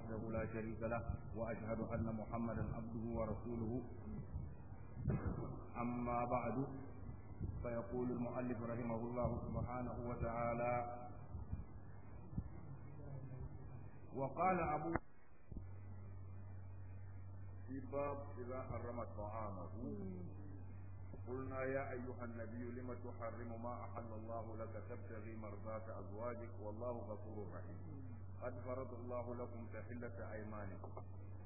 وحده لا شريك له وأشهد أن محمدا عبده ورسوله أما بعد فيقول المؤلف رحمه الله سبحانه وتعالى وقال أبو في باب إذا حرم طعامه قلنا يا أيها النبي لم تحرم ما أحل الله لك تبتغي مرضاة أزواجك والله غفور رحيم قد فرض الله لكم تحلة أيمانكم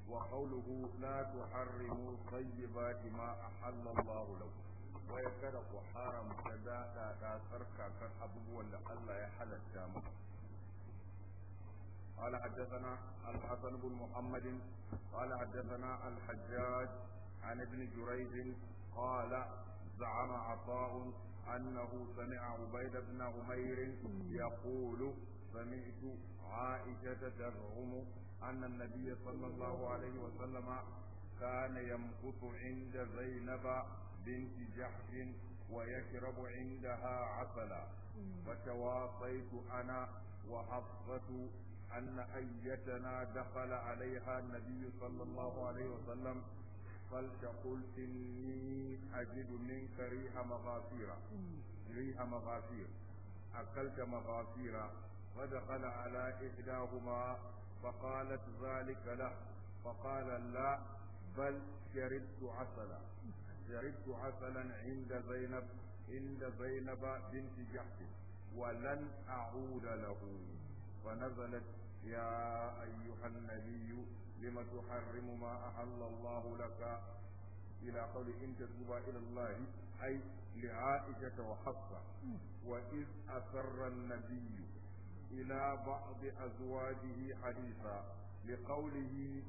وقوله لا تحرموا طيبات ما أحل الله لكم ويكره حرم كذا لا تركا كان أبوه الله يحل الجامع قال حدثنا الحسن بن محمد قال حدثنا الحجاج عن ابن جريج قال زعم عطاء أنه سمع عبيد بن عمير يقول سمعت عائشة تزعم أن النبي صلى الله عليه وسلم كان يمكث عند زينب بنت جحش ويشرب عندها عسلا فتواصيت أنا وحفصة أن أيتنا دخل عليها النبي صلى الله عليه وسلم قلت قلت إني أجد منك ريح مغافير ريح مغافير أكلت مغافير فدخل على إحداهما فقالت ذلك له فقال لا بل شربت عسلا شربت عسلا عند زينب عند زينب بنت جحش ولن أعود له فنزلت يا أيها النبي لم تحرم ما أحل الله لك إلى قول إن تتوبا إلى الله أي لعائشة وحفصة وإذ أسر النبي إلى بعض أزواجه حديثا لقوله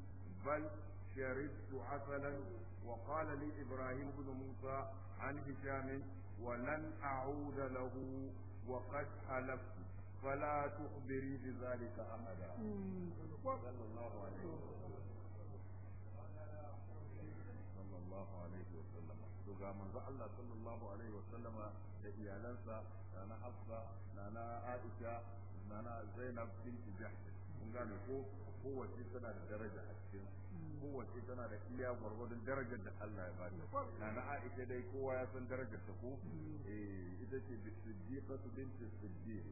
بل شربت عسلا وقال لي إبراهيم بن موسى عن هشام ولن أعود له وقد حلفت فلا تخبري بذلك أحدا صلى الله عليه وسلم صلى الله عليه وسلم ga manzo Allah sallallahu alaihi wasallama da iyalansa da na Hafsa da na Aisha nana zainab binti jahsh kun gane ko kowace tana da daraja a cikin hmm. kowace tana da iya gwargwadon darajar da Allah ya bata hmm. na Aisha dai kowa ya san darajar ta ko hmm. eh ita ce siddiqatu binti siddiq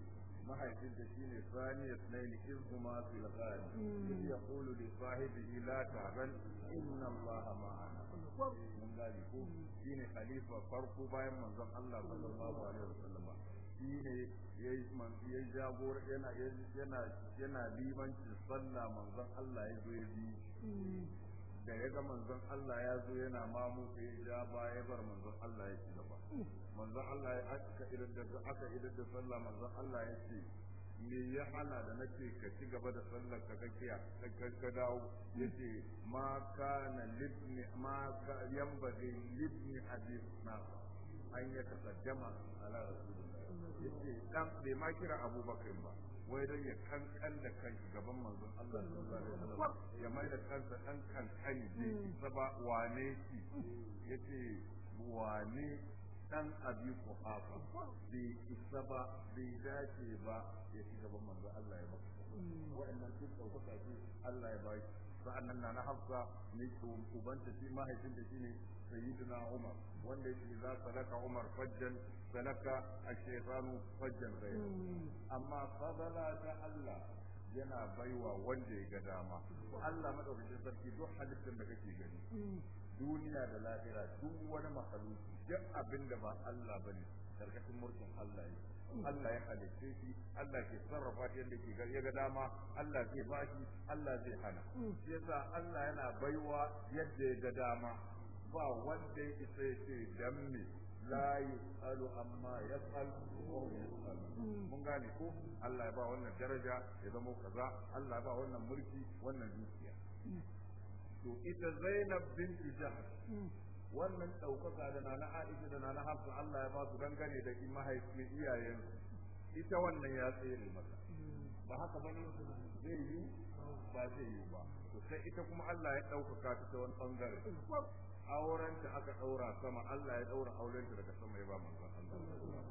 mahaifin ta shine sani isnain iz huma fil ghari yaqulu li sahibihi la ta'ban inna Allah ma'ana mun gane ko shine khalifa farko bayan manzon Allah sallallahu alaihi wasallam shine ya man jagora yana yana yana limanci sallah manzon Allah ya zo ya bi da ya ga manzon Allah ya zo yana mamu sai ya ba ya bar manzon Allah ya ci gaba manzon Allah ya aka idan da aka idan da sallah manzon Allah ya ce me ya hana da nake ka ci gaba da sallar ka kakiya ka ka dawo yace ma kana libni ma ka yamba libni hadith na an ya tasaddama ala rasulullah yace dan bai ma kira Abu Bakar ba wai dan ya kankan da kan gaban manzon Allah sallallahu alaihi wasallam ya mai da kansa dan kankan ne hmm. saba wane shi yace wane dan abi kuhafa bai isa ba bai dace ba ya gaban manzon Allah ya baka hmm. wa'annan duk ɗaukaka ce Allah ya baki sa'annan na hafsa ne ubanta shi mahaifin da shine sayyidina Umar wanda yake za sadaka Umar fajjan salaka ash-shaytanu fajjan ghayra amma fadala ta Allah yana baiwa wanda ya ga dama Allah madaukakin sarki duk halittar da ke gani duniya da lahira duk wani mahaluki duk abin da ba Allah bane karkashin mulkin Allah ne Allah ya halitta shi Allah ke sarrafa shi yadda ke ga dama Allah zai bashi Allah zai hana shi yasa Allah yana baiwa yadda ya ga dama ba wanda ya isa ya ce dan la yusalu amma yasal wa hum yasal hmm. mun gane ko Allah ya ba wannan daraja ya zama kaza Allah ya ba wannan mulki wannan dukiya hmm. to ita Zainab bin Jahsh hmm. wannan ɗaukaka da nana Aisha da nana Hafsa Allah ya ba su dangane da mahaifi iyayen ita wannan ya tsere mata ba haka bane zai yi ba zai yi ba to sai ita kuma Allah ya ɗaukaka ta ta wani bangare aurenta aka daura sama Allah ya daura aurenta daga sama ya ba manzon Allah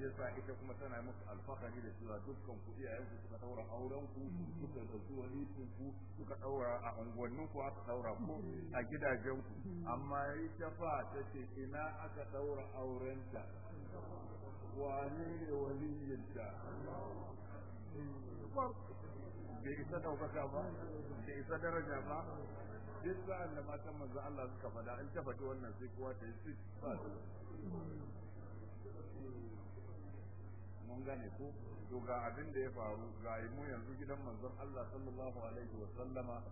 yasa ita kuma tana muku alfahari da cewa dukkan ku iyayen ku suka daura auren ku suka dauki wani ku suka daura a unguwannin ku aka daura ku a gidajen ku amma ita fa ce ina aka daura aurenta Wani ne waliyinta bai isa daukaka ba bai isa daraja ba duk sa'an da matan manzo Allah suka fada an ta fadi wannan sai kowa ta yi sit mun gane ko to ga abin da ya faru ga mu yanzu gidan manzon Allah sallallahu alaihi wa sallama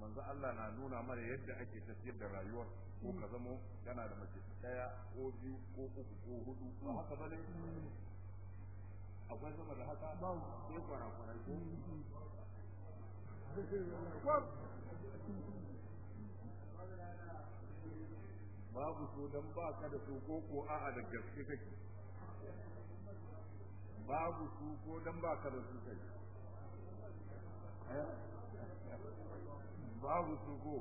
manzo Allah na nuna mana yadda ake tafiyar da rayuwar ko ka zamo yana da mace daya ko biyu ko uku ko hudu haka bane akwai sama da haka ba sai kwara kwara ko babu so don ba ka da so ko ko a'a da gaske kake babu su ko don ba ka da su kai eh? babu su ko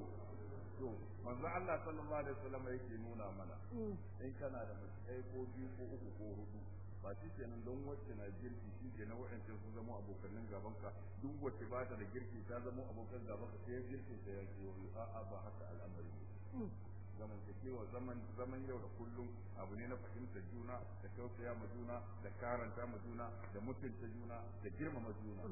to manzo Allah sallallahu alaihi wasallam yake nuna mana mm. in kana da mace ko biyu ko uku ko hudu ba shi kenan don wacce na girki shi na wa'ancin sun zama abokan gaban ka duk wacce ba ta da girki ta zama abokan gaban ka sai girkin ta ya wani a'a ba haka al'amari zamantakewa zaman zaman yau da kullum abu ne na fahimtar juna da tausaya ma juna da karanta ma juna da mutunta juna da girmama juna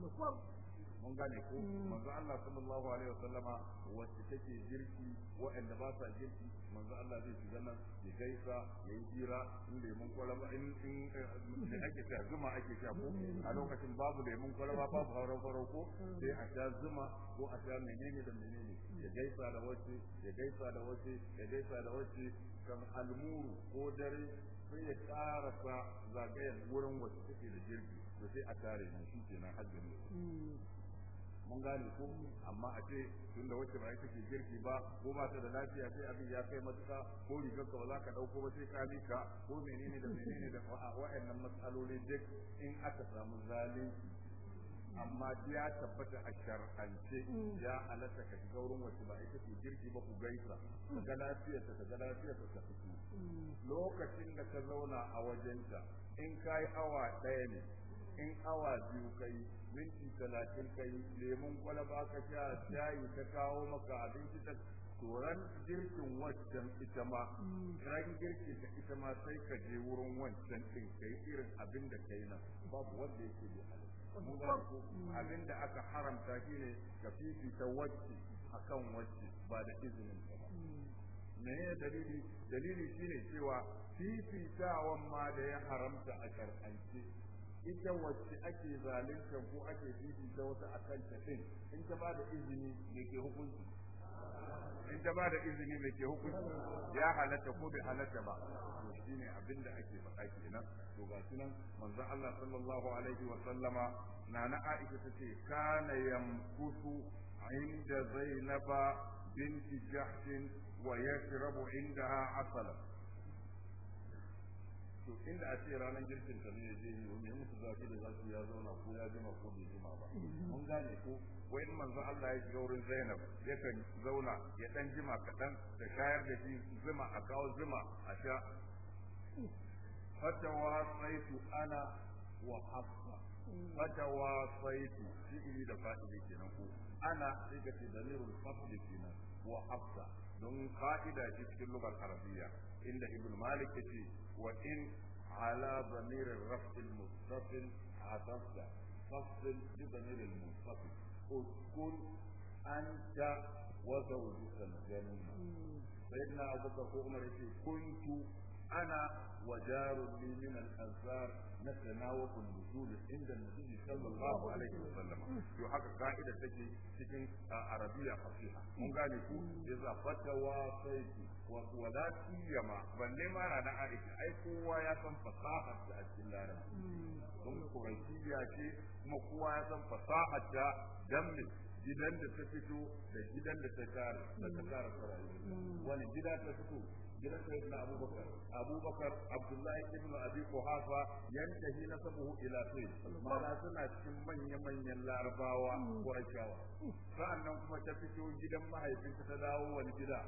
mun gane ko mm. manzo Allah sallallahu alaihi wasallama wacce take girki waɗanda ba sa girki manzo Allah zai shiga nan ya gaisa ya yi hira in lemun kwalaba in in da eh, ake ta zuma ake ta ko mm. a lokacin babu da mun kwalaba babu haro haro ko mm. sai a ta zuma ko a ta menene da menene ya gaisa da wacce ya gaisa da wacce ya gaisa da wacce kan almuru ko dare sai ya karasa zagayen wurin wacce take da jirgi to sai a tare ne shi kenan hajjin mun gane ko amma a ce tunda wacce ba ita ke girki ba ko ba ta da lafiya sai abin ya kai matuƙa ko rigar ka ba za ka dauko ba sai ka lika ko menene da menene da wa'annan matsaloli duk in aka samu zalunci amma ya tabbata a shar'ance ya halatta ka shiga wurin wacce ba ita ce girki ba ku gaisa ga lafiyar ta ga lafiyar ta fito lokacin da ka zauna a wajenta in kai awa ɗaya ne in awa biyu kai minti talatin kai lemun kwalaba ka sha shayi ta kawo maka abinci ta turan girkin wancan ita ma ran girkin ta ita ma sai ka je wurin wancan ɗin kai irin abin da kai na babu wanda yake da abin da aka haramta ne ka fifita wacce akan wacce ba da izinin ka ba me ne dalili dalili shine cewa fifitawan ma da ya haramta a karkance ita wacce ake zalunta ko ake fifita wata akan tafin in ta bada izini mai ke hukunci in ta izini ke hukunci ya halatta ko bai halatta ba to shine abinda ake faɗa kenan to ga nan manzon Allah sallallahu alaihi wa sallama nana Aisha tace kana yamkutu inda Zainaba binti Jahsh wa yashrabu indaha asala to inda a ce ranar girkin ta ne je yi wani musu zafi da zafi ya zauna ko ya jima ko bai jima ba mun gane ko wai manzo Allah ya shiga wurin Zainab kan zauna ya dan jima kadan da shayar da shi zuma a kawo zuma a sha wa saitu ana wa hafsa wa saitu shi ne da fa'ili kenan ko ana sai ka ce damirul fadli kenan wa hafsa don fa'ida shi cikin lugar arabiya inda ibn malik yace wa in ala damir rafd al mustafil hadafda fasl li damir al mustafil uskun anta wa zawjuka al jannah sayyidina abu bakr umar yace kuntu ana wa jarun li min al ansar nasana wa kun nuzul inda nabi sallallahu alaihi wa sallam to haka kaida take cikin arabiya fasiha mun gane ku yaza fatawa sayyidina wa la siyama balle ma ranar aisha ai kowa ya san fasahar ta a cikin larabci don ya ce kuma kowa ya san fasahar ta damin gidan da ta fito da gidan da ta kare. da ta tare ta wani gida ta fito gidan yi na abubakar abubakar abdullahi ibn abi quhafa yantahi nasabuhu ila sayyid mala suna cikin manya manyan larabawa ko sa'an nan kuma ta fito gidan mahaifinta ta dawo wani gida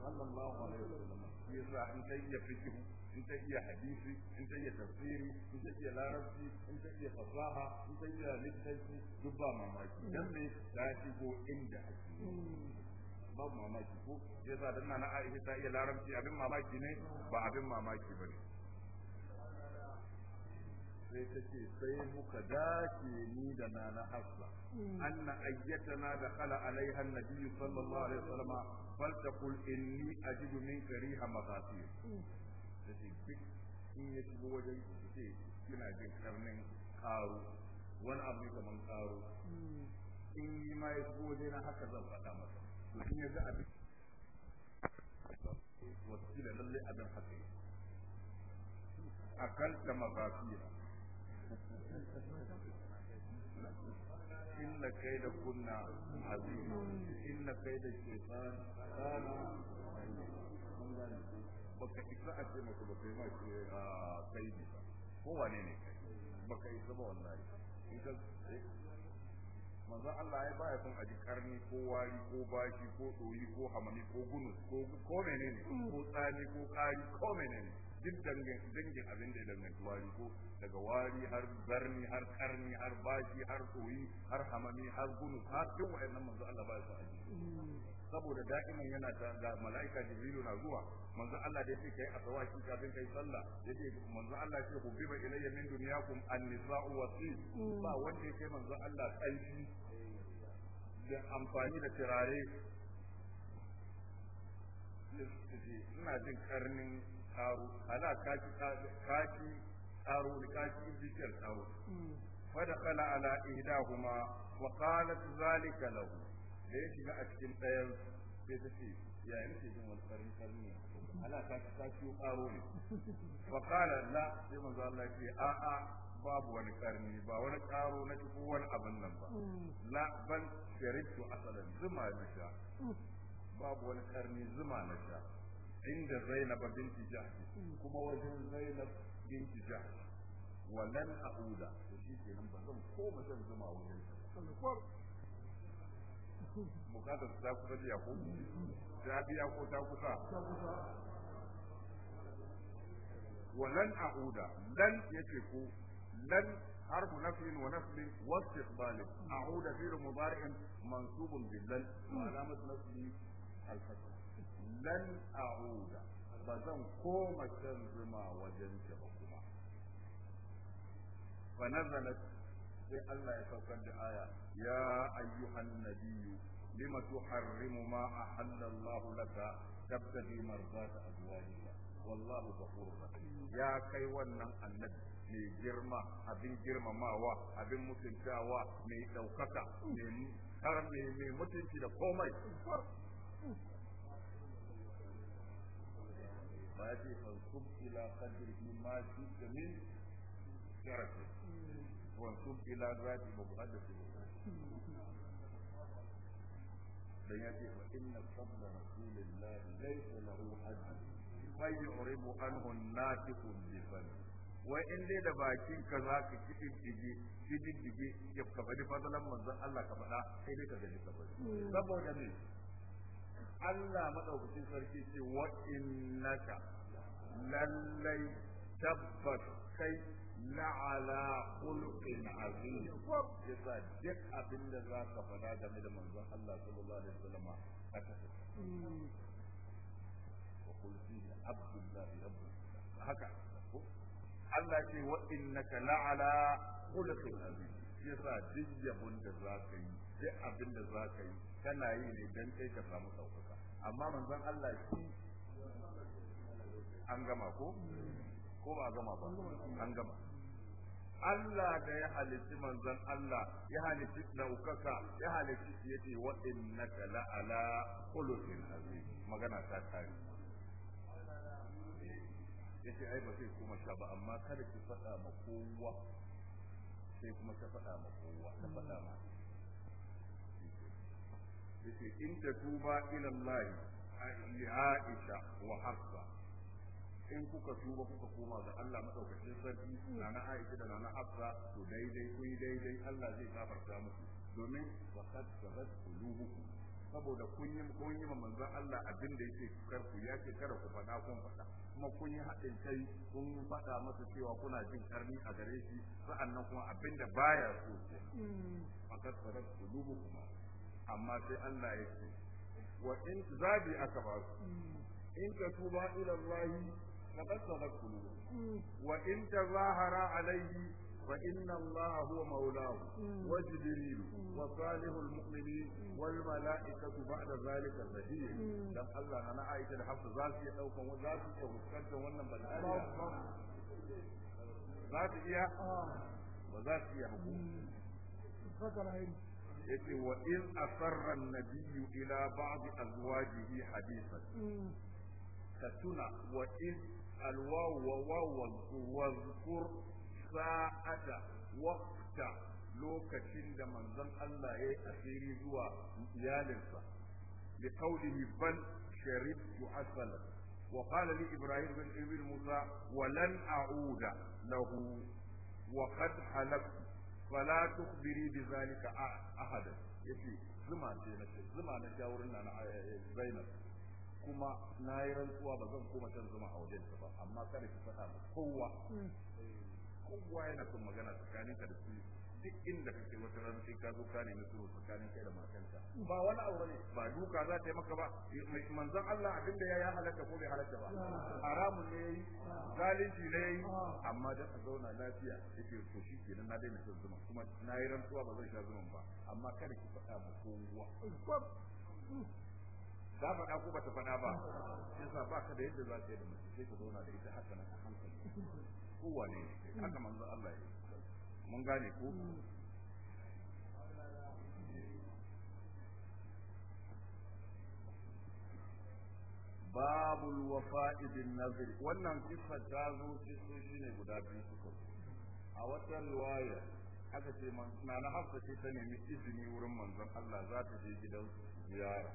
sallallahu alaihi wasallam yasa in ta iya fiqh in ta iya hadisi in ta iya tafsiri in ta iya larabci in ta iya fasaha in ta iya littafi duk ba mamaki dan me ta shigo inda ake babu mamaki ko yasa dan na Aisha ta iya larabci abin mamaki ne ba abin mamaki bane sai ta ce sai muka dace ni da nana hafsa hmm. anna ayyatana da kala alaiha nabiyyu sallallahu alaihi wasallam faltaqul inni ajidu minka riha maghafir sai hmm. duk in ya shigo wajen ce kina jin karnin karu wani abu kamar karu hmm. in yi ma ya shigo wajen haka zan faɗa masa to in ya ga abin eh, wasu da lalle abin haka akalta maghafira inna kai da kunna inna kai da shaitan kana baka isa a ce baka yi ma a kai ne ko wane ne kai baka isa ba wallahi ita Allah ya baya son aji karni ko wari ko bashi ko doyi ko hamami ko gunu ko ko menene ko tsani ko kari ko menene duk dangin abin da ya danganci wari ko daga wari har zarni har karni har baki har koyi har hamami har gunu har duk wayannan manzo Allah ba su aji saboda da'iman yana da mala'ika jibrilu na zuwa manzo Allah da yake kai asawaki kafin kai sallah yake manzo Allah ce biba ilayya min dunyakum an-nisa'u wasi mm. ba wanda yake manzo Allah kai da amfani da turare ina jin karnin taro hmm. ala kaci kaci taro da kaci bishiyar taro fa dakhala ala kuma wa qalat zalika lahu da ya shiga a cikin ɗayan sai ta ce ya yi ce jin wani farin farin ne ala kaci kaci taro ne wa qala la sai manzo Allah ya ce a a babu wani karni ba wani karo na cikin wani abin nan ba hmm. la ban sharitu asalan zuma na sha hmm. babu wani karni zuma na sha inda Zainab binti Jahsh kuma wajen Zainab binti Jahsh walan a'uda to shi ke nan bazan koma zan zama wajen bukata ta kusa biya ko ta biya ko ta kusa walan a'uda lan yace ko lan حرف نفي ونفي واستقبال أعود فعل مضارع منصوب باللن وعلامة نفسه الفتح lan a'uda ba zan koma can zuma wajen ta ba kuma fa nazalat sai Allah ya saukar da aya ya ayyuhan nabiyyu lima tuharrimu ma ahalla Allah laka tabtadi marzata azwajika wallahu ghafurur rahim ya kai wannan annabi mai girma abin girmamawa abin mutuntawa mai daukaka mai har mai mutunci da komai ba ya ce fansub ila qadrihi ma shi da min ila zati ya ce inna laysa lahu hadd anhu bi in dai da bakin ka za ka kididdige manzon Allah ka fada sai dai Allah madaukakin sarki ce wa innaka lallai tabbas kai la'ala khulqin azim sa duk abin da za ka faɗa game da manzon Allah sallallahu alaihi wasallam a kasa wa qul fihi abdullahi rabbu haka Allah ce wa innaka la'ala khulqin azim yasa duk yabon da za ka yi duk abin da za ka yi kana yi ne don kai ka samu ɗaukaka amma manzon Allah shi an gama ko ko ba a gama ba an gama Allah da ya halitti manzon Allah ya halitti ɗaukaka ya halitti shi ce wa innaka la ala khuluqin azim magana ta tare eh, yace ai ba sai kuma sha ba amma kada ki faɗa ma kowa sai kuma ka faɗa ma kowa ka faɗa ma yake in tuba ila Allah Aisha wa Hafsa in kuka tuba kuka koma ga Allah madaukakin sarki nana Aisha da nana Hafsa to daidai ku daidai Allah zai gafarta muku domin waqad sabat qulubukum saboda kun yi kun yi manzon Allah abin da yake kar ku ya ce ku faɗa kun fada, kuma kun yi haɗin kai kun faɗa masa cewa kuna jin karni a gare shi sa'annan kuma abin da baya so ke hmm. faqad sabat qulubukum amma sai Allah ya ce wa in zabi aka ba su in ka tuba ila Allah wa in tazahara alayhi fa inna Allah huwa wa jibril wa salihul mu'minin wal malaikatu ba'da zalika zahir dan Allah na Aisha da Hafsa za su za su wannan bala'a ah. za su iya ba za su iya yace wa in asarra an-nabiyyu ila ba'd azwajihi hadithan hmm. ka tuna wa in alwaw wa waw wa zkur sa'ata waqta lokacin da manzon Allah yayi asiri zuwa iyalinsa bi qawlihi bal sharibtu asala wa qala li ibrahim bin ibn musa wa lan a'uda lahu wa qad halaktu fala tukhbiri bi zalika ahada yace zuma ce na ce zuma na sha wurin nan eh, eh, Zainab kuma na yi rantsuwa ba zan koma can zuma a wajen ba amma kada ki faɗa kowa hmm. eh, kowa yana son magana tsakaninka da su duk inda kake wata rana sai ka zo ka nemi sulhu tsakanin kai da matanka ba wani abu ne ba duka za ta yi maka ba manzon Allah abin da ya halaka ko bai halaka ba haramun ne yayi zalunci ne yayi amma da ka zauna lafiya yake to shi kenan na daina shan zuma kuma na yi rantsuwa ba zan sha zuma ba amma kada ki faɗa ma kowa ta faɗa ko ba ta faɗa ba shi yasa ba ka da yadda za ka yi da mutum sai ka zauna da ita haka na hankali kowa ne haka manzon Allah ya yi mun gane ko babu wafa'i bin nazir wannan kissa ta zo cikin shi ne guda biyu suka a wata riwaya aka ce na na hafsa ce ta nemi izini wurin manzon Allah za ta je gidan ziyara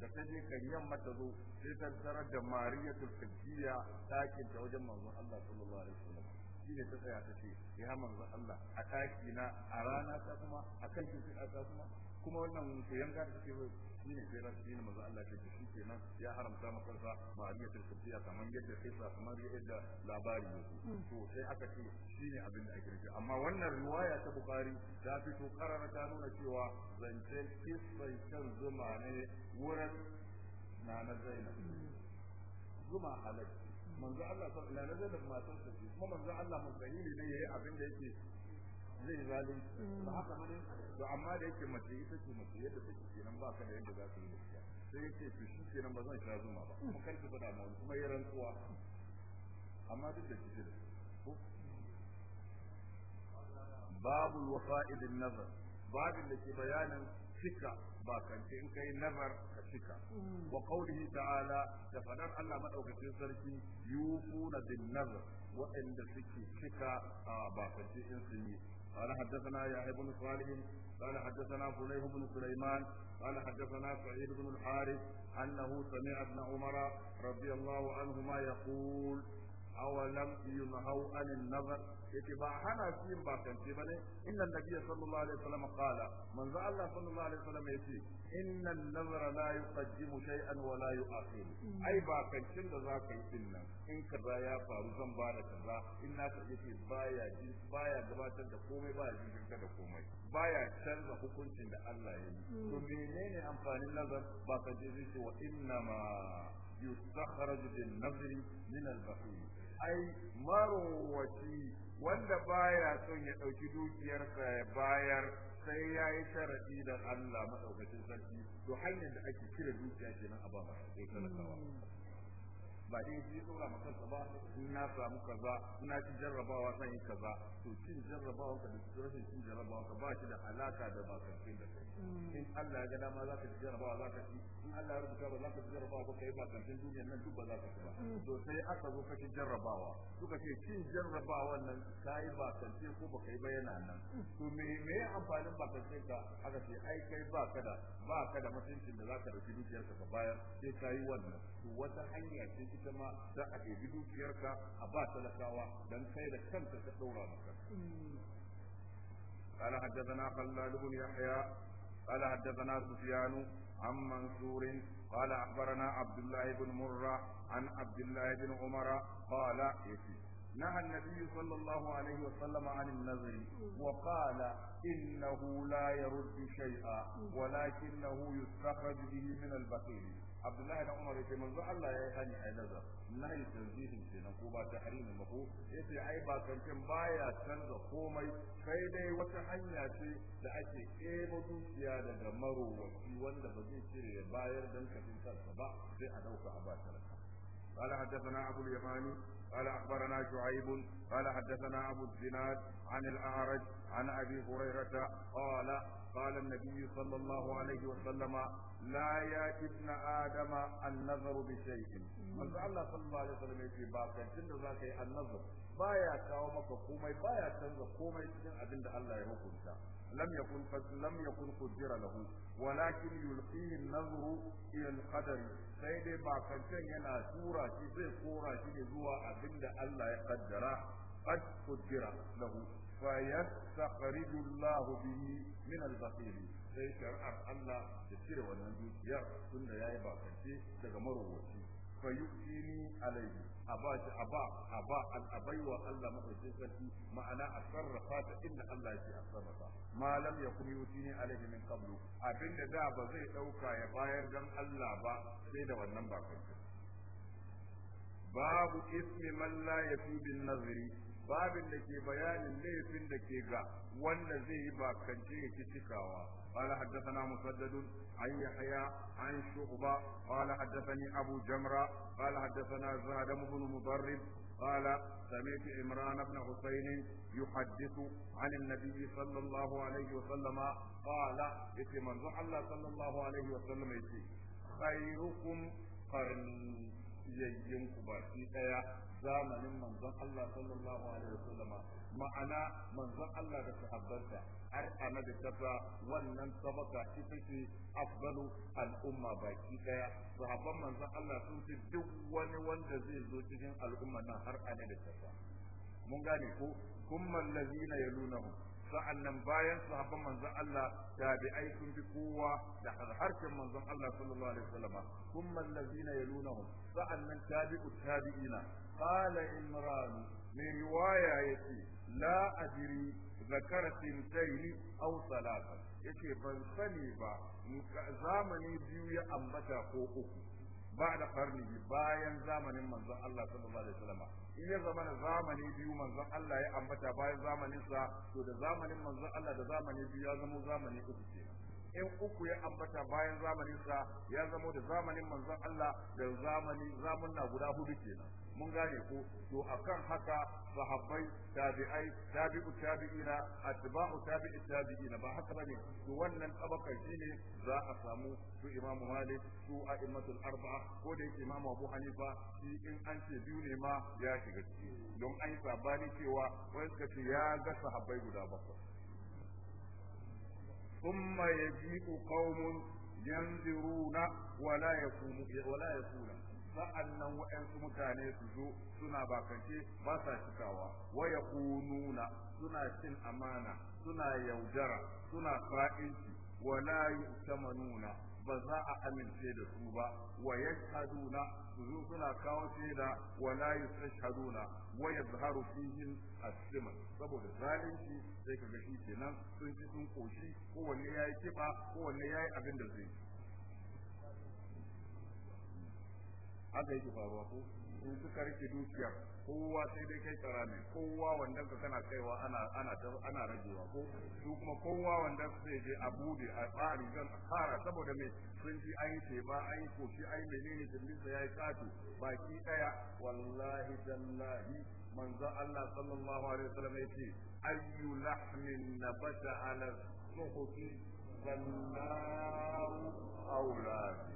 da ta je kan yamma ta zo sai ta tarar da mariyatul qibtiyya dakin ta wajen manzon Allah sallallahu alaihi wasallam shi ne ta tsaya ta ce ya manzo Allah a taki na a rana ta kuma a kan shi ta kuma kuma wannan koyan yanga da take wai shi ne sai ran ne manzo Allah ta ce shi kenan ya haramta maka sa ba a tafiya kamar yadda sai sa kamar yadda labari ne hmm. to sai aka ce shi ne abin da ake nufi amma wannan riwaya ta Bukhari ta fito karara ta nuna cewa zance kisan kan zuma ne wurin na na zainab hmm. zuma halai manzo Allah sallallahu alaihi wasallam matan sa kuma manzo Allah mun gani ne yayi abin da yake zai zalim ba haka bane to amma da yake mace ita ce mace yadda take kenan ba ka da yadda za ka yi gaskiya sai yake to shi kenan ba zan sha zuma ba kuma kar ki fada mu kuma yi rantsuwa amma duk da kike da babu wafa'i bin nazar babin da ke bayanin fikra Bakance in kai nazar ka cika wa qawlihi ta'ala da fadar Allah madaukakin sarki yufuna bin nazar waɗanda suke cika a bakance in sun yi قال حدثنا يحيى بن صالح قال حدثنا بن سليمان قال حدثنا سعيد بن الحارث انه سمع ابن عمر رضي الله عنهما يقول awalam yunhaw anil nazar yake ba hana su yin bakance ba ne inna nabiyya sallallahu alaihi wasallam qala manzo Allah sallallahu alaihi wasallam yace inna nazara la yuqaddimu shay'an wa la yu'akhir ai bakancin da za ka yi din nan in kaza ya faru zan ba da kaza in na kaje ce baya ji baya gabatar da komai ba baya jinkirta da komai baya canza hukuncin da Allah ya yi to menene amfanin nazar bakance zai ce wa inna ma yustakhraju bin nazri min al-bahim ai marowaci wanda baya son ya ɗauki dukiyarsa ya bayar sai ya yi sharadi da Allah maɗaukacin sarki to hanyar da ake kira dukiya kenan a ba ma sai talakawa hmm. ba dai shi tsora ma kansa ba in na samu kaza na ci jarrabawa zan yi kaza to cin jarrabawa ka da rashin cin jarrabawa ka ba shi da alaka da ba kankin da kai hmm. in Allah ya ga dama za ka ci jarrabawa za ka ci in Allah ya rubuta ba za ka ci jarrabawa ba kai ba kankin duniyar nan duk ba za ka ci ba hmm. to sai aka zo ka ci jarrabawa suka ce cin jarrabawa nan kai ba kance ko ba kai ba yana nan hmm. to me me amfanin ba kance ka aka ce ai kai ba ka da ba ka da mutuncin da za ka dauki dukiyar ka bayar sai kai wannan to wata hanya ce ita ma za a ɗebi dukiyarka a ba talakawa dan kai da kanta ta ɗaura maka قال حدثنا خلاد بن يحيى قال حدثنا سفيان عن منصور قال اخبرنا عبد الله بن مره عن عبد الله بن عمر قال يسير نهى النبي صلى الله عليه وسلم عن النظر وقال إنه لا يرد شيئا ولكنه يستخرج به من البخيل abdullahi dan umar yace manzo Allah ya hani ai nazar nahi tanzihin kenan ko ba tahrimin ba ko yace ai ba kantin baya canza komai kai dai wata hanya ce da ake ebo zuciya daga marowaci wanda ba zai cire ya bayar dan kafin ba sai a ɗauka a ba talaka قال حدثنا أبو اليماني قال أخبرنا شعيب قال حدثنا أبو الزناد عن الأعرج عن أبي هريرة قال قال النبي صلى الله عليه وسلم لا يأتي ابن آدم النظر بشيء manzo Allah sallallahu alaihi wasallam yace ba kancin da zaka yi annazar baya kawo maka komai baya canza komai cikin abin da Allah ya hukunta لم يكن لم يكن قدر له ولكن يلقيه النظر الى القدر sai dai ba kancan yana tura shi zai kora shi ne zuwa abinda Allah ya kaddara qad qaddara lahu fa yastakhriju Allah bihi min al-bakhil sai shari'ar Allah ya cire wannan dukiya tunda yayi ba kance daga marowaci fa yuqini alayhi a ba shi a an abaiwa Allah madaukakin sarki ma'ana a sarrafa ta inda Allah yake a sarrafa Malam ya yakun yutini alaihi min qablu abinda da ba zai dauka ya bayar dan Allah ba sai da wannan ba babu ismi man la bin nazri babin da ke bayanin laifin da ke ga wanda zai yi bakance ya ci cikawa قال حدثنا مسدد عن يحيى عن شعبة قال حدثني أبو جمرة قال حدثنا زهد بن مضرب قال سمعت عمران بن حسين يحدث عن النبي صلى الله عليه وسلم قال إتي من الله صلى الله عليه وسلم خيركم قرني yayyin ku baki daya zamanin manzon Allah sallallahu alaihi wasallam ma'ana manzon Allah da sahabbansa har ana da tafa wannan sabaka ita ce afdalu al'umma baki daya sahabban manzon Allah sun fi duk wani wanda zai zo cikin al'umma nan har ana da tafa mun gane ko kumman allazina yalunahu sa'annan bayan sahabban manzon Allah tabi'ai sun fi kowa da harshen manzon Allah sallallahu alaihi wasallam nuna allazina yalunahum sa'annan tabi'u tabi'ina qala imran mai riwaya yace la ajri zakara tintaini aw salasa yace ban sani ba zamani biyu ya ambata ko uku ba da karni bayan zamanin manzon Allah sallallahu alaihi wasallam in ya zama na zamani biyu manzon Allah ya ambata bayan zamanin sa to da zamanin manzon Allah da zamanin biyu ya zama zamani uku ke in uku ya ambata bayan zamanin sa ya zama da zamanin manzon Allah da zamani na guda hudu kenan mun gane ko to akan haka sahabbai tabi'ai tabi'u tabi'ina atba'u tabi'i tabi'ina ba haka bane to wannan tabakan shine za a samu su Imam Malik su a'immatul arba'a ko da yake Imam Abu Hanifa shi in an ce biyu ne ma ya shiga ciki don an sabani cewa wai suka ce ya ga sahabbai guda bakwai ثم يجيء قوم yanziruna wala yakunu wala yakunu sa'annan waɗansu mutane su zo suna bakance ba sa cikawa wa nuna suna cin amana suna yaudara suna fa'inci wala nuna ba za a amince da su ba wa yashhaduna su zo suna kawo shaida wala yustashhaduna wa yadhharu fihim as-sima saboda zalunci sai kaga shi kenan sun ci sun koshi kowanne yayi kiba kowanne yayi abin da zai yi haka yake faruwa ko in suka rike dukiya kowa sai dai kai tsara ne kowa wanda ka kana kaiwa ana ana ana rajewa ko su kuma kowa wanda sai je a a tsari zan kara saboda me sun ji an ce ba an yi koshi ai menene sa yayi kato baki daya wallahi tallahi manzo Allah sallallahu alaihi wasallam yace ayyu lahmin nabata ala suhufi wallahu أولى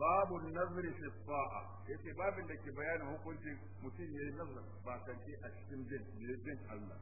babu nazari fi sa'a yace babin da ke bayanin hukuncin mutum yayi nazar ba kanti a cikin bin bin Allah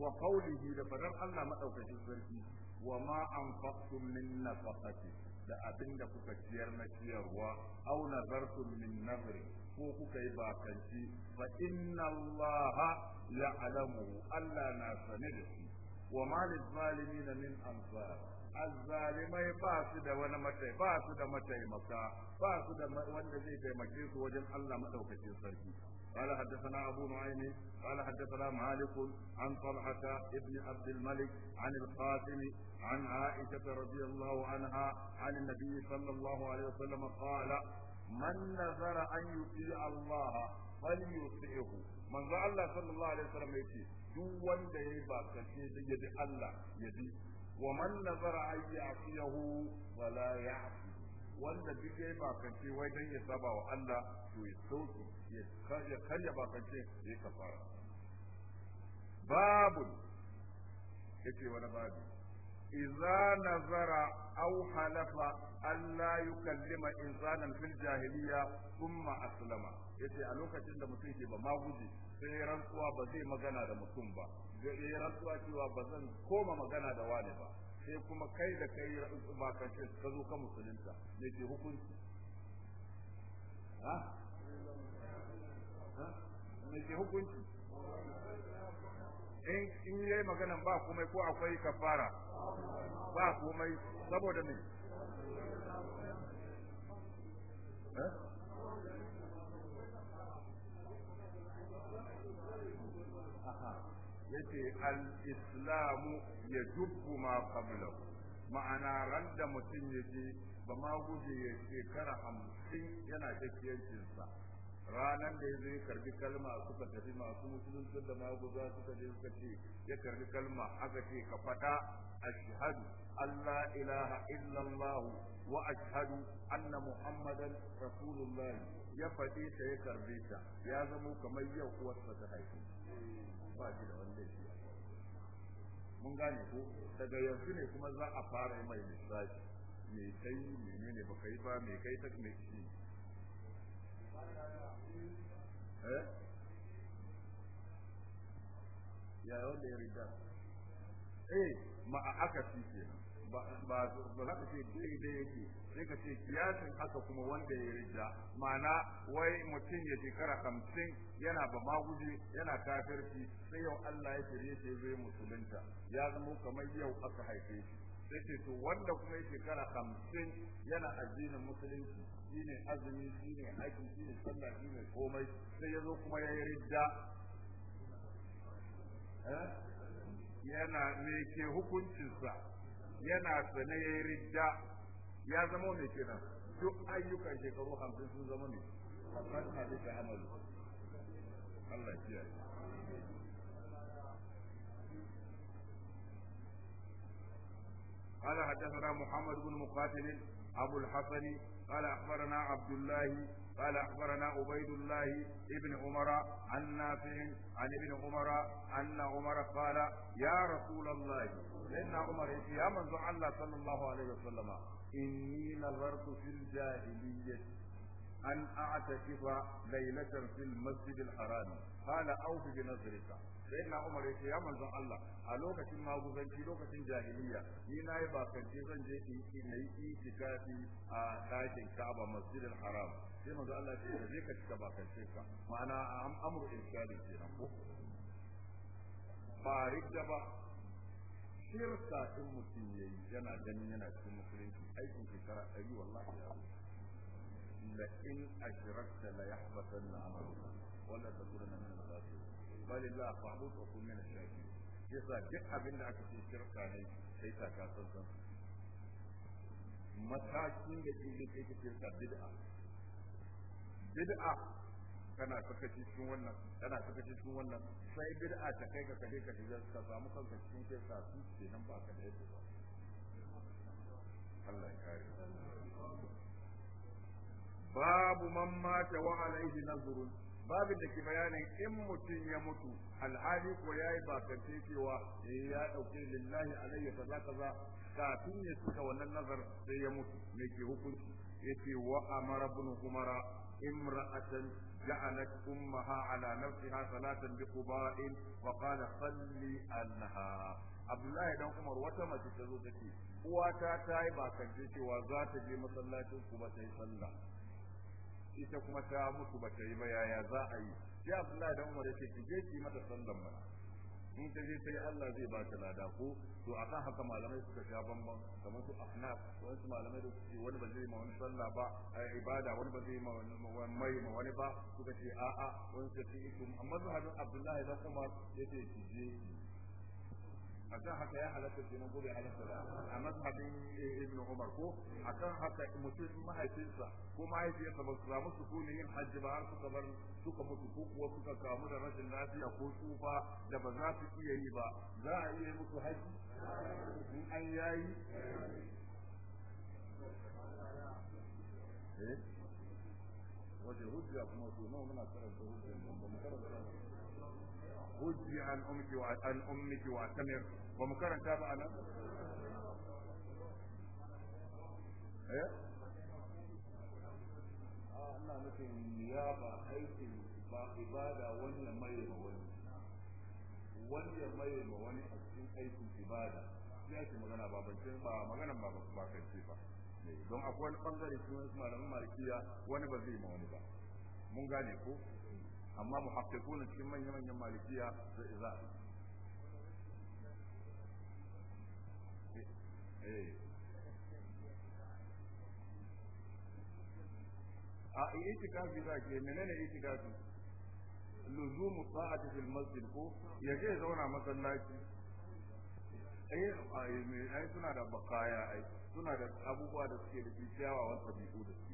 wa qawlihi da fadar Allah madaukakin sarki wa ma anfaqtum min nafaqati da abin da kuka ciyar na ciyarwa auna nazartum min nazri ko kuka yi bakanci fa inna Allah ya'lamu Allah na sane da shi wa ma lil na min ansar azzalimai ba su da wani matai ba su da mataimaka ba su da wanda zai taimake su wajen Allah madaukakin sarki قال حدثنا أبو نعيم قال حدثنا مالك عن طلحة ابن عبد الملك عن القاسم عن عائشة رضي الله عنها عن النبي صلى الله عليه وسلم قال من نذر أن يطيع الله فليطيعه من الله صلى الله عليه وسلم يقول duk wanda ya yi bakance zai yabi Allah ya bi wa man nazara an ya'siyahu fala ya'si wanda duk yayi bakance wai dan ya saba wa Allah to ya sauki ya kaje kaje bakance ya kafara babu ya yace wani babu idza nazara aw halafa alla yukallima insanan fil jahiliya thumma aslama yace a lokacin da mutum ke ba maguji sai rantsuwa ba zai magana da mutum ba da ya rantsuwa cewa ba zan koma magana da wani ba sai kuma kai da kai ba ka ce ka zo ka musulunta ne ke hukunci ne ke hukunci in ya yi magana ba komai ko akwai kafara ba komai saboda me yace al-islamu ya jubbu ma qablahu ma'ana ran da mutum yaje je ba ma guje ya shekara hamsin yana sa ranan da ya karbi kalma suka tafi masu musulunci da maguza suka je suka ce ya karbi kalma aka ce ka fada ashhadu Allah ilaha illallah wa ashhadu anna muhammadan rasulullah ya fadi ta ya karbe ta ya zama kamar yau uwarsa ta haifi ba shi da wani laifi mun gane ko daga yanzu ne kuma za a fara mai lissafi me kai ne baka yi ba me kai ta me shi eh ya wanda ya rida eh ma a aka fi ba ba za ka ce daidai yake sai ka ce kiyasin haka kuma wanda ya rija ma'ana wai mutum ya shekara hamsin yana ba maguje yana kafirci sai yau Allah ya shirye shi zai musulunta ya zama kamar yau aka haife shi sai ce to wanda kuma ya shekara hamsin yana addinin musulunci shi ne azumi shi ne shine shi ne sallah ne komai sai ya zo kuma ya yi rija eh? yana me ke hukuncinsa yana sane ya yi rija ya zama mai kenan duk ayyukan shekaru hamsin sun zama ne kan hadisa amalu Allah kiyaye قال حدثنا محمد بن مقاتل أبو الحسن قال أخبرنا عبد الله قال أخبرنا عبيد الله ابن عمر عن نافع عن ابن عمر أن عمر قال يا رسول الله إن عمر يا من الله صلى الله عليه وسلم إني نظرت في الجاهلية أن أعتكف ليلة في المسجد الحرام قال أوف بنظرك سيدنا عمر يقول يا من الله ألوك كما غزنتي لوك جاهلية نينا يبا في زنجي إني إيتكافي آتاك الكعبة مسجد الحرام sai manzo الله ce da zai ka cika أمر إنسان ma'ana amru irshadi kenan shirka in mutum ya yi yana ganin yana cikin musulunci aikin shekara ɗari wallahi ya zo la in ashrakta la yahbatanna amaluka wala takunanna min al-khasirin balillah fa'bud wa kun min ash-shakirin yasa duk abin da aka ce shirka ne sai ta ka san san matakin da ke da ke shirka bid'a bid'a kana sakaci cikin wannan kana sakaci cikin wannan sai bid'a ta kai ka kaje ka shiga ka samu kanka cikin sai sa su nan ba ka da yadda ba Allah ya kare babu man mata wa alaihi nazrun babin da ke bayanin in mutum ya mutu alhali ko ya yi bakance cewa eh, ya ɗauke lillahi alayya kaza kaza kafin ya suka wannan nazar sai ya mutu me ke hukunci yake wa amara ibn umara imra'atan جعلت أمها على نفسها صلاة بقباء وقال صلي أنها Abdullahi dan Umar wata mace ta zo ta ce uwata ta yi bakance cewa za ta je masallacin ku ba ta yi sallah ita kuma ta mutu ba ta yi ba yaya za a yi sai Abdullahi dan Umar ya ce ki je ki mata sallan mana in ta je sai Allah zai ba ta lada ko to a kan haka malamai suka sha bamban kamar su ahnaf wasu malamai da suke wani ba zai ma wani sallah ba a ibada wani ba zai ma wani mai ma wani ba suka ce a'a wani suka ce ikum amma zuhadin Abdullahi da Umar yace ki je akan haka ya halatta kenan ko bai halatta ba a mazhabin eh, ibn umar ko akan haka mutum mahaifinsa ko mahaifiyarsa ba su samu sukunin yin hajji ba har suka bar suka mutu ko kuwa suka kamu da rashin lafiya ko tsufa da ba za su iya yi ba za a iya musu hajji in an yayi eh? wajen hujja hujji an umki wa an ummiki wa tamir ba mu karanta ba anan eh ah, ina nufin niyaba aikin ba ibada wani ya maye wani wani ya maye wani a cikin aikin ibada ya magana babancin ba magana ba ba kai ce ba eh, don akwai wani bangare cikin malamin malikiya wani ba zai ma wani ba mun gane ko amma mu muhaqqiquna cikin manyan manyan malikiya da za eh a itikafi za ke menene itikafi luzumu sa'ati fil masjid ko yaje zauna masallaci eh ai suna da bakaya ai suna da abubuwa da suke da ciyawa wanda bi'u da su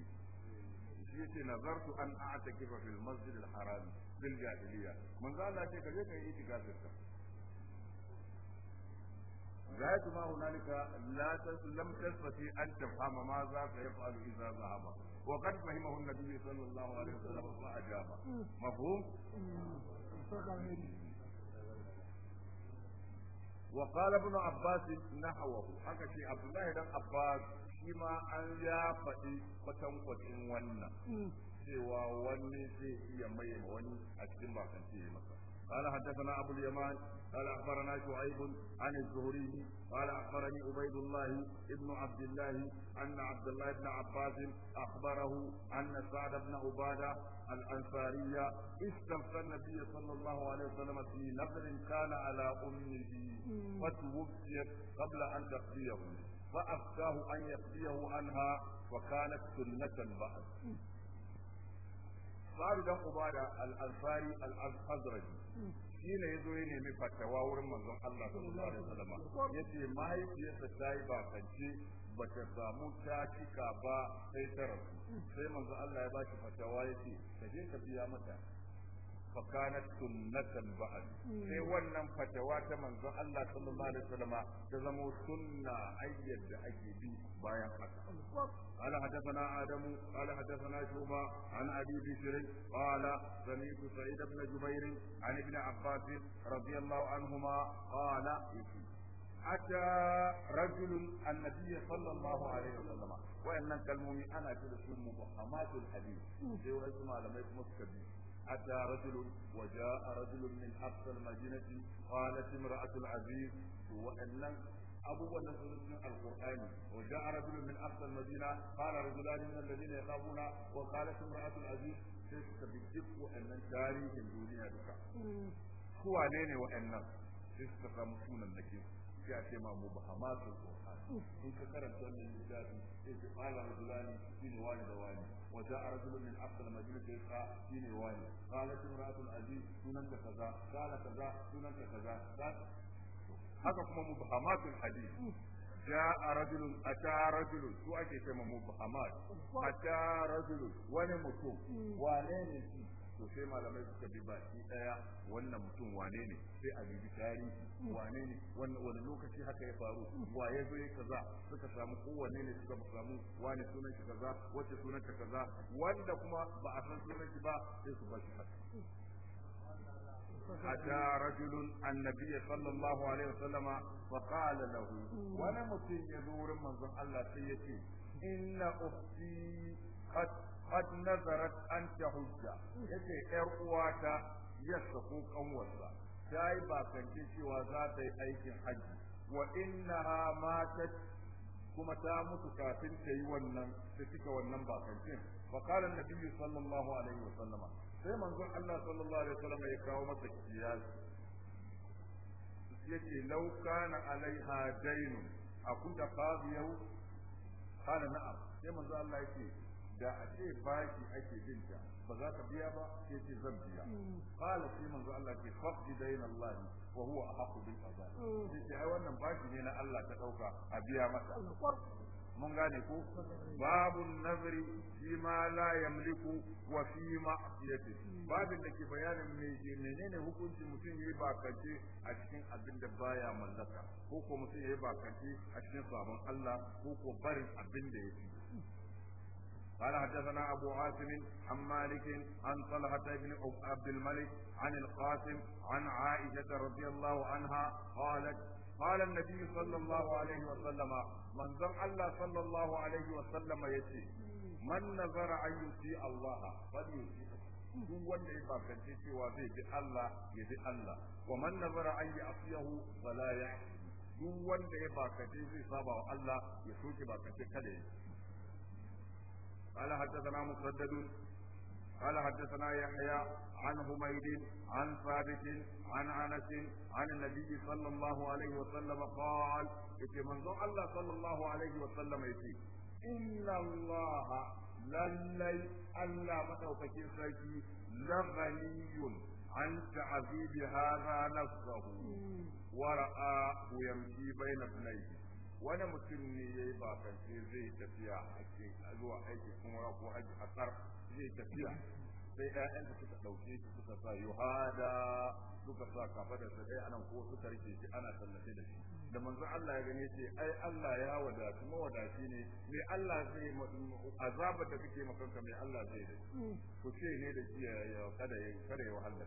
yace nazartu an a'takifa fil masjid al haram bil jahiliya manzo Allah ce kaje kai itikaf ka zai kuma hunalika la taslam tasfati an tafhama shi ma an ya faɗi kwatankwacin wannan cewa wani zai iya mai wani a cikin bakance ya masa قال حدثنا أبو اليمان قال أخبرنا شعيب عن الزهري قال أخبرني عبيد الله ابن عبد الله أن عبد الله بن عباس أخبره أن سعد بن عبادة الأنصارية استلقى النبي صلى الله عليه وسلم في نفر كان على أمه وتوفيت قبل أن تقضيه فأفتاه أن يقضيه عنها وكانت سنة بعد Sa'adu dan Ubada al-Ansari al-Azraji shi ne yazo ya nemi fatawa wurin manzon Allah sallallahu alaihi wasallam yace mahaifiyarsa ta yi bakance bata samu ta cika ba sai ta rasu sai manzon Allah ya bashi fatawa yace ka je ka biya mata fakanat sunnatan ba'd sai wannan fatawa ta manzon Allah sallallahu alaihi wasallam ta zama sunna ayyad da ake bi bayan haka ala hadathana adam ala hadathana shuba an na bishri qala sami'tu sa'id ibn jubair an ibn abbas radiyallahu anhuma qala أتى رجل النبي صلى الله عليه وسلم وإن كلمني أنا جلس المبهمات الحديث سيرى ثم لم يكن أتى رجل وجاء رجل من أقصى المدينة قالت امرأة العزيز وأن abubuwan da sun cikin alqur'ani wa ja'a rajulun min aqsa al-madina qala rajulan min alladhina yaqabuna wa qalat imra'atu al-aziz sai ka bi duk wa'annan tarihin duniya duka su wane ne wa'annan sai suka samu ya ce ma mu bahamatul qur'an in ka karanta wannan littafi sai ka fara rajulani shine wani da wani wa ja'a rajulun min aqsal madinati yasqa shine wani qalat imratul aziz sunanta kaza qala kaza sunanta kaza haka kuma mu bahamatul hadith جاء رجل أتى رجل سو كما مبهمات أتى رجل to sai malamai suka bi baki daya wannan mutum wane ne sai a bibi tarihi wane ne wannan wani lokaci haka ya faru wa ya zo ya kaza suka samu kowanne ne suka samu wani sunan shi kaza wace sunan ta kaza wanda kuma ba a san sunan shi ba sai su bar shi haka أتى رجل النبي صلى الله عليه وسلم فقال له وأنا متين يزور من الله سيتي إن أختي قد qad nazarat an tahujja yace yar uwata ya saku kanwarsa ta yi bakance cewa za ta yi aikin hajji wa innaha matat kuma ta mutu kafin ta yi wannan ta cika wannan bakancin fa qala an-nabiy sallallahu alaihi wa sallama sai manzon Allah sallallahu alaihi wa sallama ya kawo masa kiyasi yace law kana alaiha daynun akun da qadiyau qala na'am sai manzon Allah yace da a ce baki ake bin ta ba za ka biya ba sai ce zan biya hmm. qala sai manzo Allah ke faqdi dain Allah wa huwa ahqqu bil adab hmm. sai ce ai wannan baki ne na Allah ta dauka a biya masa hmm. mun gane ko babu nazari fi ma la yamliku wa fi ma asiyati babin da ke bayanin me menene hukunci mutum yayi kace a cikin abin da baya mallaka ko ko mutum yayi kace a cikin sabon Allah ko ko barin abin da yake قال حدثنا أبو عاصم عن مالك عن طلحة بن عبد الملك عن القاسم عن عائشة رضي الله عنها قالت قال النبي صلى الله عليه وسلم من زرع الله صلى الله عليه وسلم يتي من نظر أن يطيع الله فليطيع duk wanda ya bakance cewa zai bi Allah ya bi Allah wa man nazara an ya'siyahu fala ya'si duk wanda ya bakance zai saba wa Allah ya soke bakance kada ya قال حدثنا مسدد قال حدثنا يحيى عن حميد عن ثابت عن انس عن النبي صلى الله عليه وسلم قال في منظور الله صلى الله عليه وسلم يتي ان الله للي الا مدوكين سيكي لغني عن تعذيب هذا نفسه ورآه يمشي بين اثنين wani mutum ne ya yi bakance zai tafiya ake zuwa aiki kuma ko aiki a tsar zai tafiya sai ƴaƴanta suka ɗauke shi suka sa yuhada suka sa kafa da ɗaya anan ko suka rike shi ana tallafe da shi da manzo Allah ya gane ce ai Allah ya wadatu mawadaci ne me Allah zai azaba da kake makanka me Allah zai da mm. ku ce ne da shi ya kada ya kada ya wahala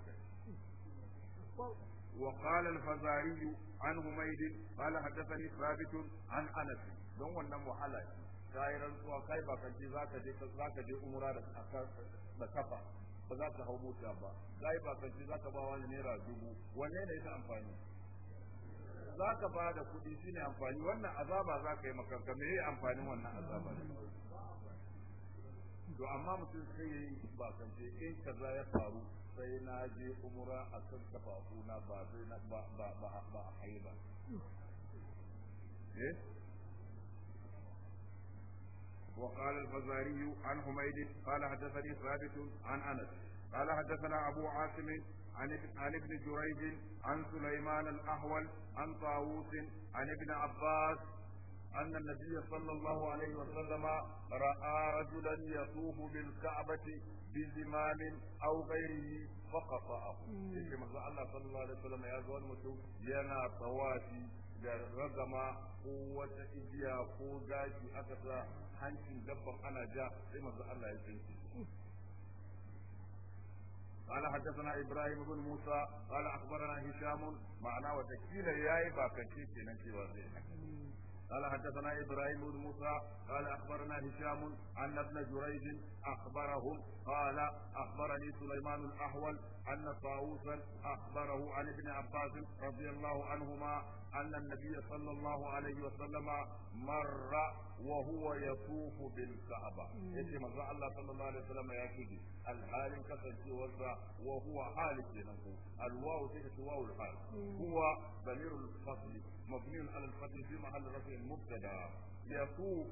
وقال الفزاري عن حميد قال حدثني ثابت عن انس دون wannan wahala ce kai rantsuwa kai ba kan za ka je za je umra da da kafa ba za ka hau mota ba kai ba kan za ka ba wani naira dubu wanne ne yake amfani za ka ba da kuɗi shine amfani wannan azaba za ka yi makanka me yi amfanin wannan azaba to amma mutum sai ya yi ba kan in kaza ya faru sai na je a kan ba sai na ba ba ba ba eh وقال الفزاري عن حميد قال حدثني ثابت عن انس قال حدثنا ابو عاصم عن ابن جريج عن سليمان الاهول عن طاووس عن ابن عباس أن النبي صلى الله عليه وسلم رأى رجلا يطوف بالكعبة بزمام او غيره فقطعه يجي مثلا الله صلى الله عليه وسلم يا زوال مسلم ينا طوافي da ragama ko wata igiya ko gashi aka جاء hancin dabban الله يجي قال حدثنا ابراهيم بن موسى قال اخبرنا هشام معناه وتكيل ياي باكشي نكي شي قال حدثنا ابراهيم بن موسى قال اخبرنا هشام عن ابن جريج اخبرهم قال اخبرني سليمان الاحول ان طاووسا اخبره عن ابن عباس رضي الله عنهما أن النبي صلى الله عليه وسلم مر وهو يطوف بالكعبة يتي مزع الله صلى الله عليه وسلم يأتي الحال كسر وزع وهو حال كنه الواو تجد واو الحال هو ضمير الفصل مبني على الفتح في محل رفع المبتدأ يطوف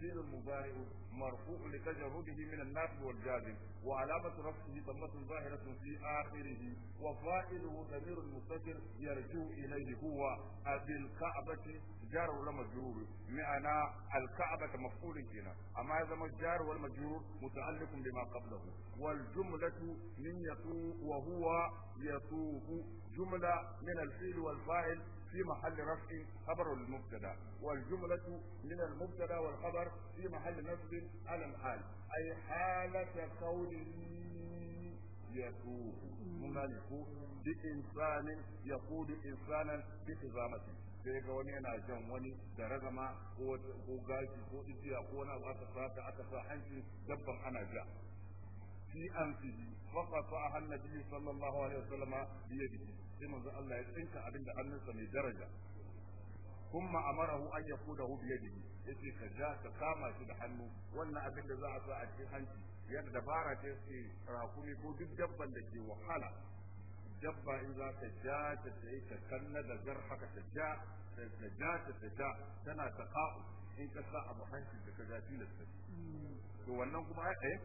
فعل مضارع مرفوع لتجرده من الناس والجازم وعلامة رفعه ضمة ظاهرة في آخره وفائله ضمير مستتر يرجو إليه هو أبي الكعبة جار ولا مجرور معنى الكعبة مفعول هنا أما إذا الجار والمجرور متعلق بما قبله والجملة من يطوف وهو يطوف جملة من الفيل والفاعل في محل رفع خبر المبتدا والجملة من المبتدا والخبر في محل نصب على الحال أي حالة يتوب بإنسان يقود إنسانا sai ga wani yana jan wani da ragama ko gashi ko igiya ko wani abu aka aka sa hanci dabban ana ja fi an fi faqa fa annabi sallallahu alaihi biyadihi sai manzo Allah ya tsinka abin da annansa mai daraja kuma amarahu an yakudahu bi yadihi yace ka ja ka kama shi da hannu wannan abin da za a sa a cikin hanci yadda dabara ta ce rakumi ko duk dabban da ke wahala dabba in za ka ja ta sai ka kanna da zar haka ta ja ta ja ta ja tana ta ka'u in ka sa abu hanci da ka ja tilasta to wannan kuma ai eh?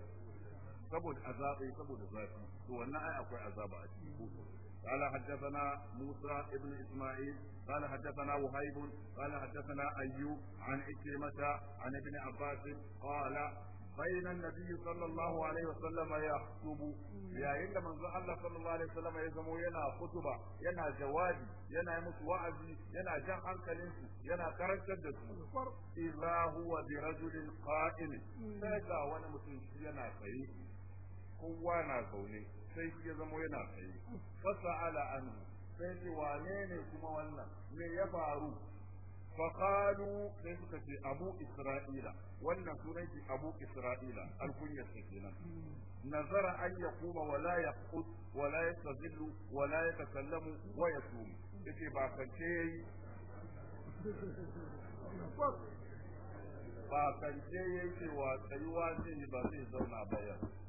saboda azabi saboda zafi to wannan ai akwai azaba a cikin قال حدثنا موسى ابن اسماعيل قال حدثنا وهيب قال حدثنا ايوب عن عكرمة عن ابن عباس قال بين النبي صلى الله عليه وسلم يخطب يا عند من الله صلى الله عليه وسلم يزمو ينا خطبة ينا جوادي ينا يمس وعزي ينا جان أنكلنس ينا كرنسة إذا هو برجل قائم فإذا وانا مسلم ينا سيد قوانا زوني sai shi ya zama yana tsaye ala an sai ce wane ne kuma wannan me ya faru فقالوا sai suka ce abu isra'ila wannan sunan shi abu isra'ila alkunyar sa kenan nazara an kuma wala ya yaqut wala ya yastazillu wala ya yatakallamu wa yasum yace ba kance yayi ba kance yayi cewa tsayuwa zai ba zai zauna ba yau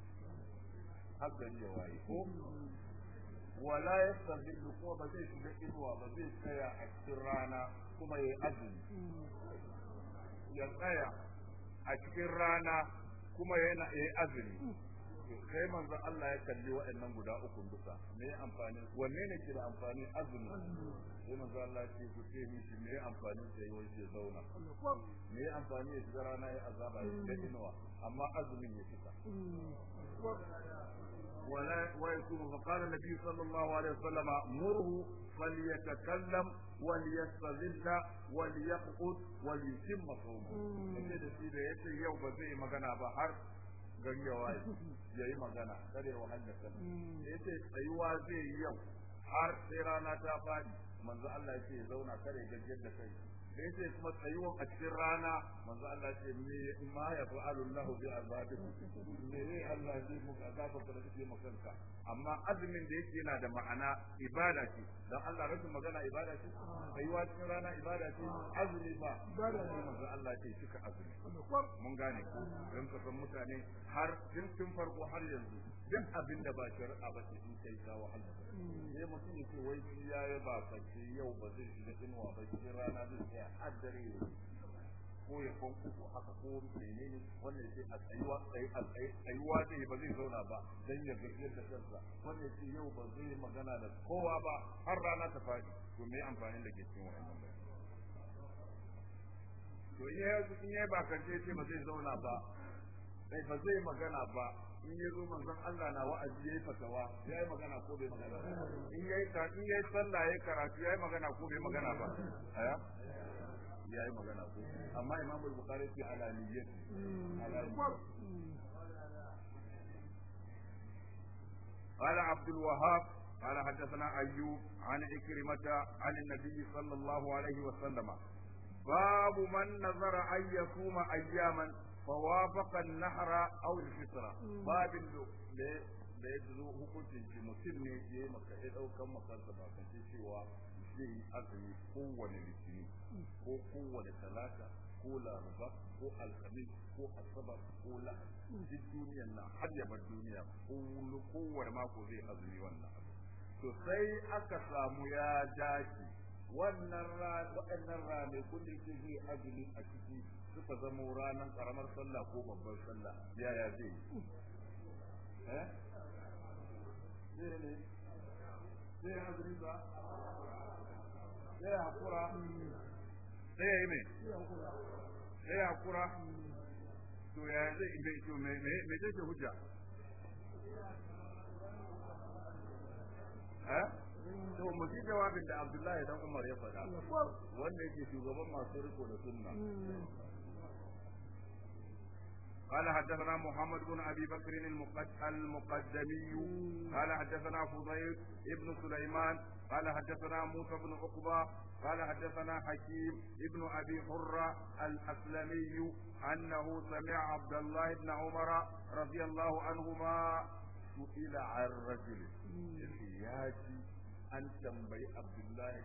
hakan ya waye ko wala yastazillu ko ba zai shiga inuwa ba zai tsaya a cikin rana kuma yayi azumi ya tsaya a cikin rana kuma yana yayi azumi kai manzo Allah ya kalli wa'annan guda uku duka me amfani wanne ne ke da amfani azumi sai manzo Allah ya ce ku ce ni shi me amfani sai wani ya zauna me amfani ya shiga rana ya azaba ya shiga inuwa amma azumin ya fita ولا ويكون فقال النبي صلى الله عليه وسلم مره فليتكلم وليستذل وليقعد وليتم صومه kace da shi da yace yau ba zai magana ba har gari ya waye yayi magana kare wa hallaka yace tsayuwa zai yi yau har sai rana ta fadi manzo Allah yake ya zauna kare gajiyar da kai da yace kuma tsayuwan a cikin rana manzo Allah ce me ma ya fa'alu Allah bi azabikum me ne Allah zai muku azaba da kake makanka amma azumin da yake yana da ma'ana ibada ce dan Allah rashin magana ibada ce tsayuwa cikin rana ibada ce azumi ba ibada ne manzo Allah ce cika azumi mun gane ko dan kasan mutane har tun farko har yanzu duk abin da ba shari'a ba ce in kai ka wahala ne mutum yake wai shi yi ba kace yau ba zai shiga inuwa ba shi rana zai tsaya haddare ko ya kon ko haka ko wani wannan sai a tsayuwa tsayi a tsayi tsayuwa ne ba zai zauna ba don ya gajiyar da kansa wannan ce yau ba zai magana da kowa ba har rana ta fadi to me amfani da ke cikin wannan ba to in ya yi ba kace ce ba zai zauna ba ba zai magana ba in ya zo manzon Allah na wa'azi yayi fatawa yi magana ko bai magana in yayi ta in yayi sallah yi karatu yi magana ko bai magana ba aya yi magana ko amma Imam Bukhari fi alaniyyah قال عبد الوهاب قال حدثنا أيوب عن عكرمة عن النبي صلى الله عليه وسلم باب من نظر أن يصوم أياما فوافق النهر أو الفطرة باب da ya zo hukuncin shi mutum ne ya yi maka ya ɗaukan makarsa ba kan ce cewa zai yi azumi kowane litini ko kowane talata ko laraba ko alhamis ko asabar ko lahadi duk duniyan nan har ya bar duniya kowane mako zai azumi wannan to sai aka samu ya dace wannan ra waɗannan ranakun da yake zai azumi a ciki suka zama ranar karamar sallah ko babbar sallah ya zai yi eh zai ne zai azumi ba zai kura zai yi mai zai kura to ya zai inda ito mai mai zai ke hujja eh to mu jawabin da Abdullahi dan Umar ya faɗa wanda yake shugaban masu riko da sunna hmm. قال حدثنا محمد بن ابي بكر المقدمي قال حدثنا فضيل ابن سليمان قال حدثنا موسى بن عقبه قال حدثنا حكيم ابن ابي حره الاسلمي انه سمع عبد الله بن عمر رضي الله عنهما سئل عن رجل ياتي an tambayi abdullahi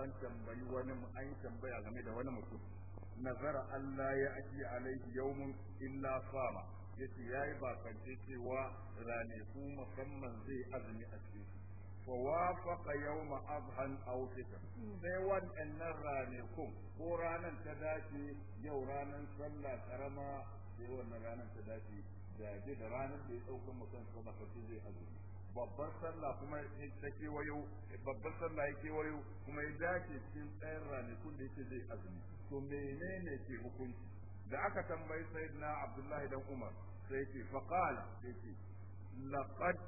an tambayi wani an tambaya game da wani mutum نظر Allah ya aji alaihi yawmun illa fama yace yayi bakance cewa ranaku musamman zai azumi a cikin wa wafaqa yawma adhan aw fitr sai wannan ranakun ko ranan ta dace yau ranan sallah karama sai wannan ranan ta dace jaje da ranar da ya babbar sallah kuma wayo babbar sallah ya kewayo kuma ya dace cikin tsayin ranakun da yake zai azumi to menene ke hukunci da aka tambayi sayyidina abdullahi dan umar sai ce faqala sai ce laqad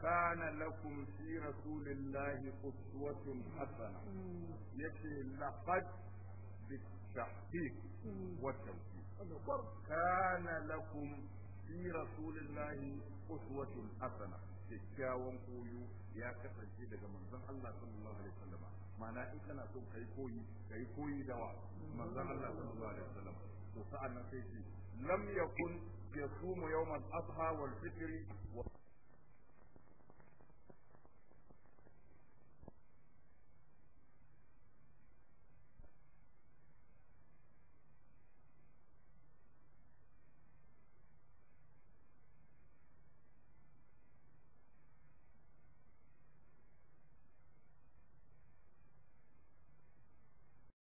kana lakum fi rasulillahi uswatun hasana hmm. yace laqad بالتحقيق والتوثيق كان لكم في رسول الله أسوة حسنة kyakkyawan koyo ya kasance daga manzon Allah sallallahu alaihi wasallam ma'ana in kana so kai koyi koyi da wa manzon Allah sallallahu alaihi wasallam to sa'an nan sai ce lam yakun yasumu yawmal adha wal fitri wa